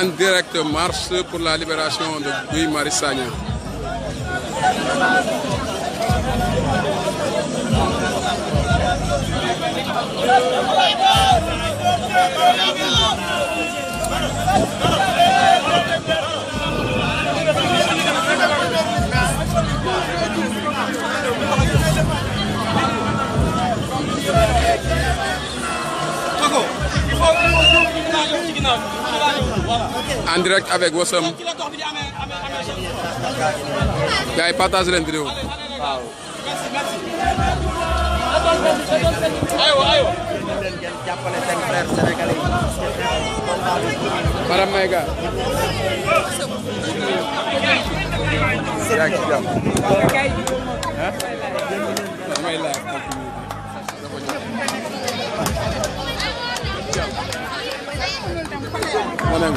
en direct marche pour la libération de Guy Marius Sagna en direct avec Wassam gars yi partage leen vidéo waaw Maram may ga Manang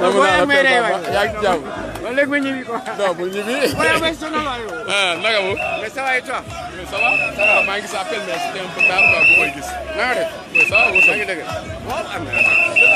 booyal may dee waay yaa ngi ci jàmm. wala léegi ma ñibbi quoi. non bu ñibbi. booyal may sonal waay yow. ah naka mu. mais ça va et toi. mais ça va. ça va maa ngi gis appel mais c'était un peu tard quoi bu may gis. na nga def. mais ça va maa ngi dëgg. waaw am na.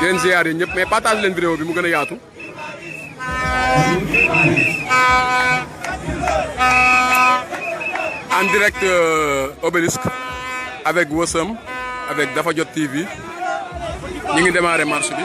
di leen ziar yi ñëpp mais partage leen vidéo bi yaatu. en direct euh, Obélisque avec Wassam avec Dafa Jot TV ñu ngi démarrer marche bi.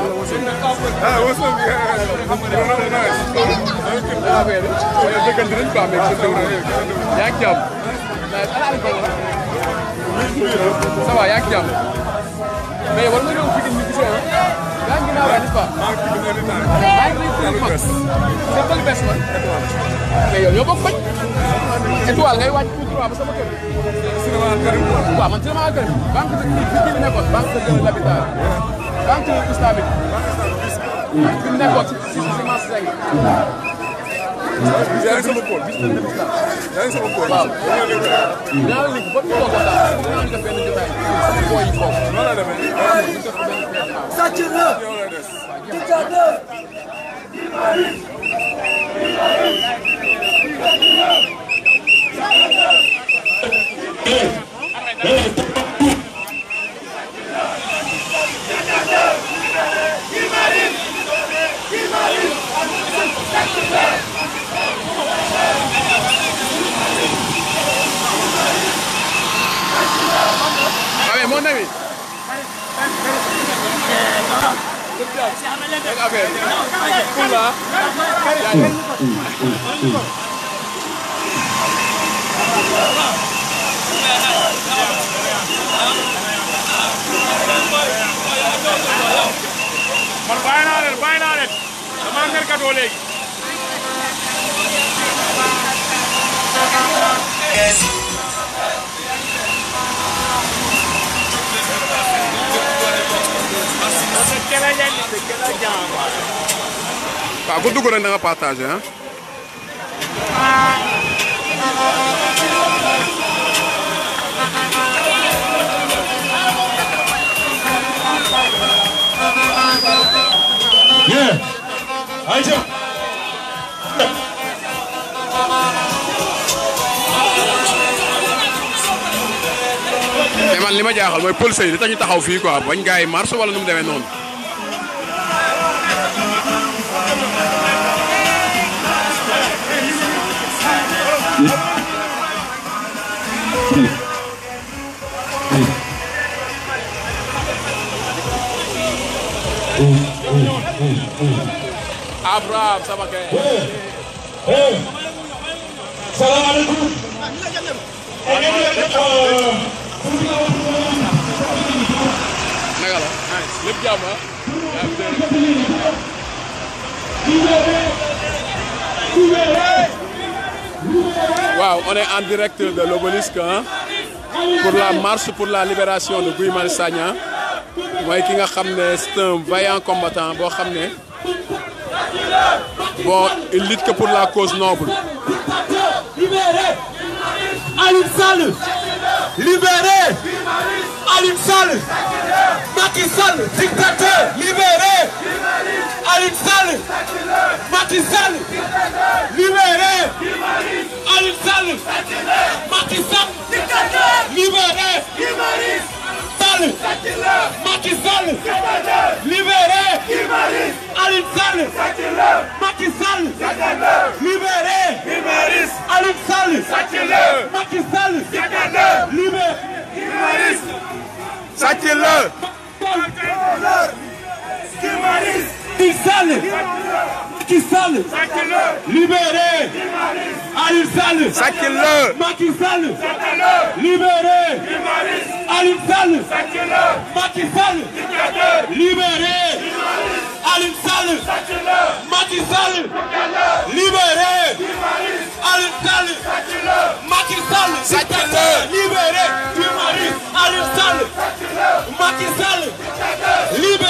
Ah, what's up? Yeah. No, no, nice. mais war nga ñëw fii nii gisee ah. yaa ngi ginnaaw yaa ngi fa. maa ngi fi gën a naan. maa ngi fi gën a bës. nga bëgg bës man. mais yow ñoo bokk bañ. étoile ngay wàcc tout droit ba sama kër. cinéma Al Karim. waaw man cinéma Al Karim. banque de kii bi nekkoon banque de l'habitat. banque islamique bi mu nekkoon ci ci semence sec bi. yaa ngi sama kóol yaa ngi sama kóol. waaw ñaar ligg ba mu toogoon daal dinaa ñu def benn jotaay sama koo yi foofu. noonu la demee ñu def ko benn PNA. sàcc na dikkaate. Hey! Son ne mi? man bàyyi naa leen bàyyi naa leen dama mer katoo léegi Yes. waaw ah, ku dugg rek da nga partagé ah. bien. ayca. mais man li ma jaaxal mooy police yi ñu taxaw fii quoi bañ gars yi marche wala nu mu demee noonu. Abraham sama kay. salaamaaleykum. naka la lépp jàmm ah. waaw on est en direct de l'obélisque pour la marche pour la libération de Guy Marius Sagna mooy ki nga xam ne c'est un vaillant combattant boo xam ne bon il lutte que la cause noble. Aliou libéré Aliou Sall Macky Sall libéré Sall Macky Sall libéré Aliou Sall Macky Sall libéré Aliou Sall Macky Sall libéré sàcc la Macky Sall Macky Sall libéré Aliou Sall sàcc la Macky Sall libéré Aliou Sall. sàcc na. Macky Sall. dictateur. libéré. Aliou Sall. sàcc na. Macky Sall. dictateur. libéré. Aliou Sall. sàcc na. Macky Sall. dictateur. libéré. Aliou Sall. sàcc na. Macky Sall. dictateur. libéré.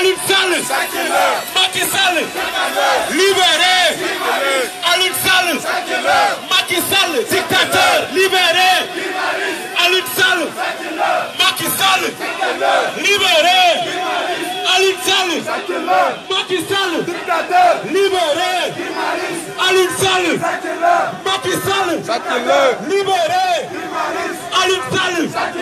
Aliou Sall. Macky Sall. libéré. Aliou Sall. Macky Sall. dictateur libéré. Aliou Sall. Macky Sall. libéré. Aliou Sall. Macky Sall. dictateur libéré. Aliou Sall. Macky Sall. libéré. Aliou Sall.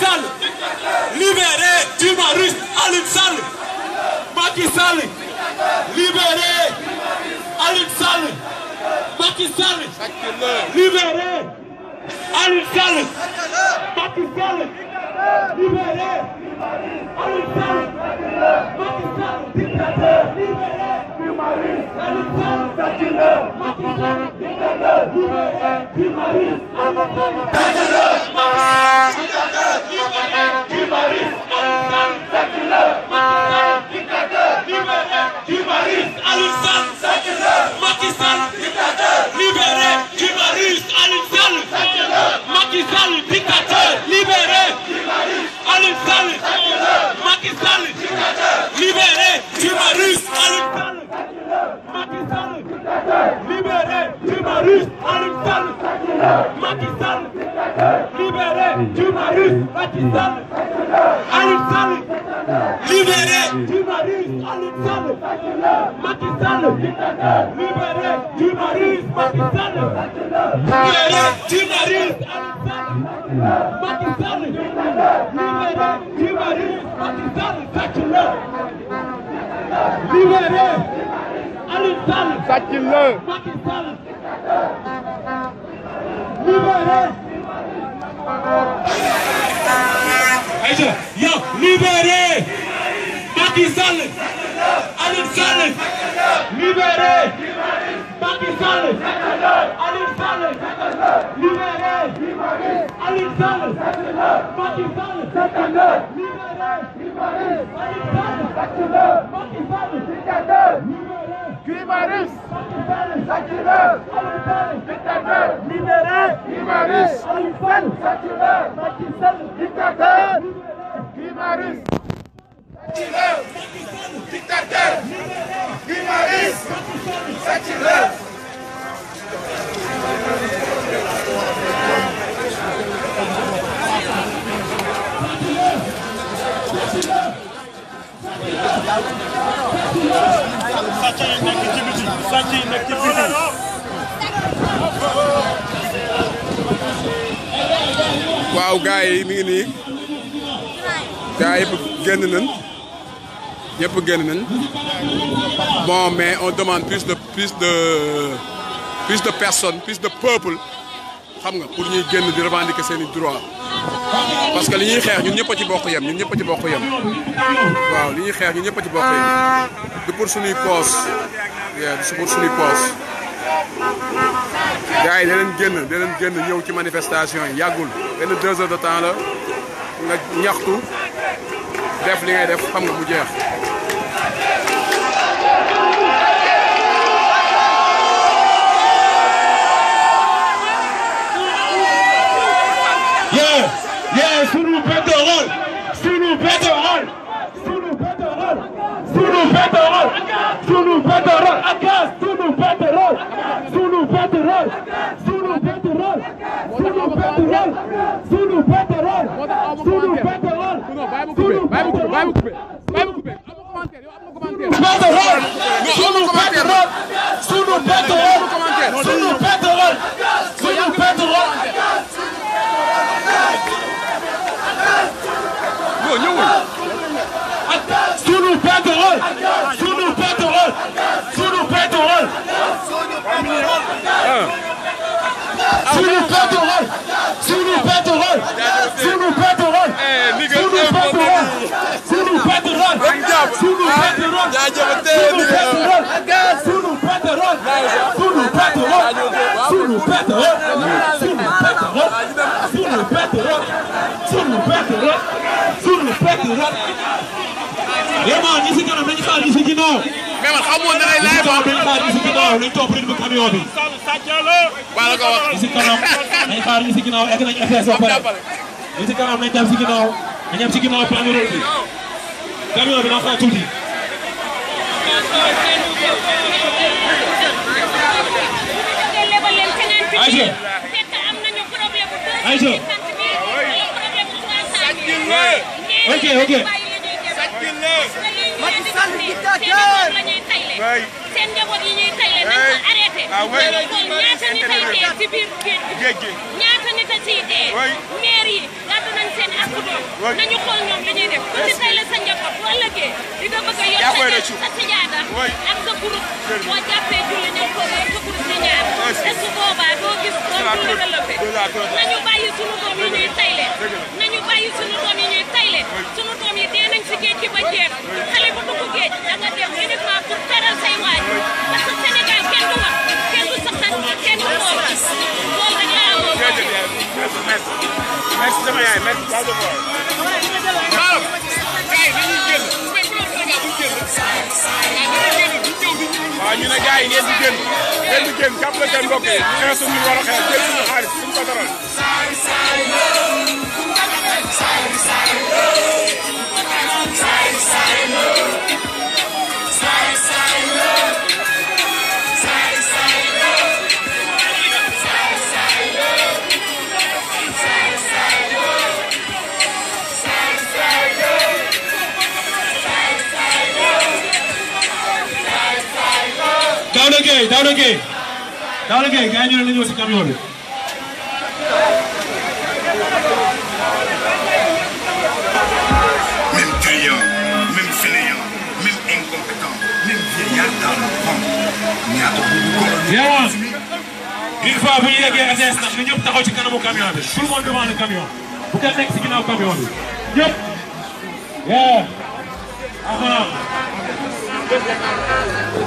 Sall libéré du Marus Aliou Sall Macky Sall libéré Aliou Sall Macky Sall libéré Aliou Sall Macky Sall libéré Aliou Sall Macky Sall dictateur libéré du Marus Aliou Sall dictateur Macky Sall dictateur libéré du Marus Aliou Sall Libéré, Macky Sall, libéré, dictateur Macky Sall libéré du Marius Macky Sall Aliou Sall libéré du Marius Aliou Sall Macky Sall libéré du Marius Macky Sall libéré du Marius Aliou Sall Macky Sall libéré du Marius Macky Sall sàccaleur libéré Aliou Sall sàccaleur Macky Sall libéré Aïcha yow libéré Macky Sall Aliou Sall libéré Macky Sall Aliou Sall libéré Aliou Sall Macky Sall libéré Aliou Sall Macky Sall Kibarış! Sakiler! Diktatör! Libere! Kibarış! Alifel! Sakiler! Sakisel! Diktatör! Kibarış! Sakiler! Diktatör! Libere! Kibarış! Sakiler! sàcc yi yi waaw gars yi mi ngi nii gars yëpp génn nañ ñëpp génn bon mais on demande plus de plus de plus de personnes plus de peuple xam nga pour ñuy génn di revendiquer seeni droit parce que li ñuy xeex ñun ñëpp ci bokk yem ñun ñëpp a ci bokk yem waaw li ñuy xeex ñun ñëpp a ci bokk yem du pour suñuy poos du pour suñuy poos gars yi leen génn de leen génn ñëw ci manifestation yi yàggul benn deux heures de temps la nga ñaxtu def li ngay def xam nga mu jeex yee sunu pétrole sunu pétrole sunu pétrole sunu pétrole sunu pétrole ak gaz sunu pétrole sunu pétrole sunu pétrole sunu pétrole sunu pétrole sunu pétrole sunu pétrole sunu pétrole pétrole suñu pétrole suñu pétrole suñu pétrole suñu pétrole suñu pétrole suñu pétrole suñu pétrole vraiment ñi si kanam nañu baal ñi si ginnaaw. mais man xaw ma woon da ngay laaj quoi nañu baal ñi si ginnaaw nañu topp rythme camion bi. waaw la ko wax. ñi si kanam nañu xaar ñi si ginnaaw egg nañu effet soo pare. ñi si kanam nañu dem si ginnaaw nañu dem si ginnaaw panneau bi camion bi na xaar tuuti. Aïcha. Aïcha. ok ok. xam ne seen njaboot la ñuy tayle seen njaboot yi ñuy tayle ah, ci biir géej gi ñaata nit a ciy seen ak doom nañu xool ñoom li ñuy def ku ci tey la sa njaboot bu ëllëgee di nga bëgg a yor sa sijaada ak sa groupe boo jàppee julli ñëw ko sa groupe di ñaar te su boobaa doo gis doom du la relevé nañu bàyyi sunu doom yi ñuy tayle nañu bàyyi sunu doom yi ñuy tayle sunu doom yi dee nañ si géej gi ba jeex xale bu dugg géej da nga dem uniquement pour teral say waaj parce que Sénégal kenn du wax kenn du saxal kenn du xool merci sama yaay merci jaajëf waay. waaw gars yi dañuy génn. waaw ñu ne gars yi ngeen di génn ngeen di génn jàppale seen mbokk yi xeex suñu war a xeex jël suñu xaalis suñu pétrole. Say, say, no. Daouda Gueye Daouda Gueye Daouda Gueye gars yi ñu ne la ñëw si camion bi. même client même fainéant même incompétent même vieillard dans le fond ñaata bu ñu ko. une fois bu ñu yeggee RTS ndax ñun ñëpp taxaw ci kanamu camion bi tout le monde devant le camion bu kenn nekk si ginnaaw camion bi ñëpp. waaw.